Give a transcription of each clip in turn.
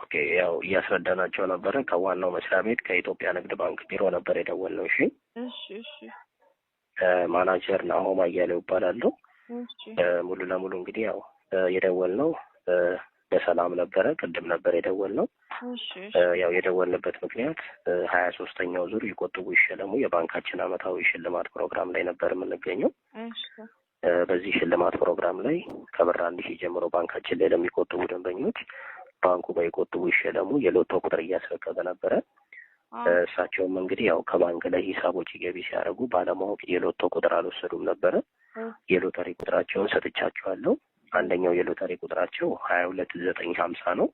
ኦኬ ያው እያስረዳናቸው ነበረ። ከዋናው መስሪያ ቤት ከኢትዮጵያ ንግድ ባንክ ቢሮ ነበር የደወልነው። እሺ እሺ። ማናጀር ናሆም አያሌው ይባላሉ። ሙሉ ለሙሉ እንግዲህ ያው የደወልነው በሰላም ነበረ። ቅድም ነበር የደወልነው። ያው የደወልንበት ምክንያት ሀያ ሶስተኛው ዙር ይቆጥቡ ይሸለሙ የባንካችን አመታዊ ሽልማት ፕሮግራም ላይ ነበር የምንገኘው። በዚህ ሽልማት ፕሮግራም ላይ ከብር አንድ ሺህ ጀምሮ ባንካችን ላይ ለሚቆጥቡ ደንበኞች ባንኩ ባይቆጥቡ ይሸለሙ የሎቶ ቁጥር እያስረከበ ነበረ። እሳቸውም እንግዲህ ያው ከባንክ ላይ ሂሳቦች ገቢ ሲያደርጉ ባለማወቅ የሎቶ ቁጥር አልወሰዱም ነበረ። የሎተሪ ቁጥራቸውን ሰጥቻቸዋለሁ። አንደኛው የሎተሪ ቁጥራቸው ሀያ ሁለት ዘጠኝ ሀምሳ ነው።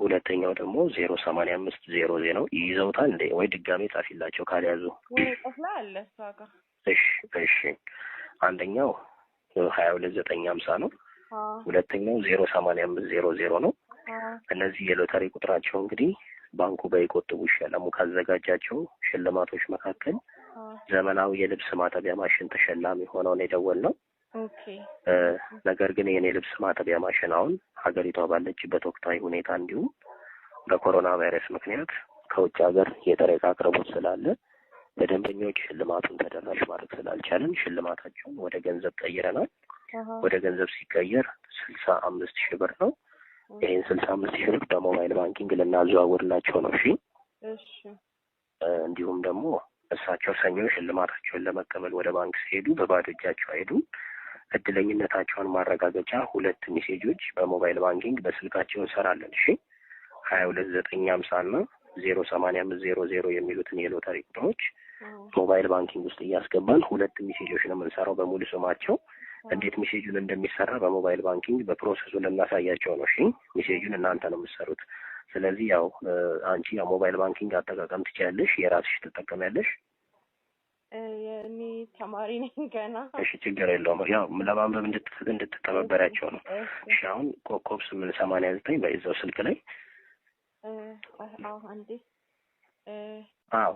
ሁለተኛው ደግሞ ዜሮ ሰማንያ አምስት ዜሮ ዜ ነው። ይዘውታል እንደ ወይ ድጋሜ ጻፊላቸው ካልያዙ። እሺ እሺ። አንደኛው ሀያ ሁለት ዘጠኝ ሀምሳ ነው። ሁለተኛው ዜሮ ሰማንያ አምስት ዜሮ ዜሮ ነው። እነዚህ የሎተሪ ቁጥራቸው እንግዲህ ባንኩ በይቆጥቡ ይሸለሙ ካዘጋጃቸው ሽልማቶች መካከል ዘመናዊ የልብስ ማጠቢያ ማሽን ተሸላሚ ሆነውን የደወል ነው። ነገር ግን ይህን የልብስ ማጠቢያ ማሽን አሁን ሀገሪቷ ባለችበት ወቅታዊ ሁኔታ እንዲሁም በኮሮና ቫይረስ ምክንያት ከውጭ ሀገር የጥሬ ዕቃ አቅርቦት ስላለ ለደንበኞች ሽልማቱን ተደራሽ ማድረግ ስላልቻለን ሽልማታቸውን ወደ ገንዘብ ቀይረናል። ወደ ገንዘብ ሲቀየር ስልሳ አምስት ሺህ ብር ነው። ይህን ስልሳ አምስት ሺህ ብር በሞባይል ባንኪንግ ልናዘዋውርላቸው ነው። እሺ እንዲሁም ደግሞ እሳቸው ሰኞ ሽልማታቸውን ለመቀበል ወደ ባንክ ሲሄዱ በባዶ እጃቸው አይሄዱም። እድለኝነታቸውን ማረጋገጫ ሁለት ሜሴጆች በሞባይል ባንኪንግ በስልካቸው እንሰራለን። እሺ ሀያ ሁለት ዘጠኝ ሀምሳ እና ዜሮ ሰማንያ አምስት ዜሮ ዜሮ የሚሉትን የሎተሪ ቁጥሮች ሞባይል ባንኪንግ ውስጥ እያስገባን ሁለት ሜሴጆች ነው የምንሰራው በሙሉ ስማቸው እንዴት ሚሴጁን እንደሚሰራ በሞባይል ባንኪንግ በፕሮሰሱ ልናሳያቸው ነው። እሺ ሚሴጁን እናንተ ነው የምትሰሩት። ስለዚህ ያው አንቺ ያው ሞባይል ባንኪንግ አጠቃቀም ትችያለሽ፣ የራስሽ ትጠቀሚያለሽ። እኔ ተማሪ ነኝ ገና። እሺ ችግር የለውም። ያው ለማንበብ እንድትተባበሪያቸው ነው። እሺ አሁን ኮኮብስ ምን ሰማንያ ዘጠኝ በይዘው ስልክ ላይ አዎ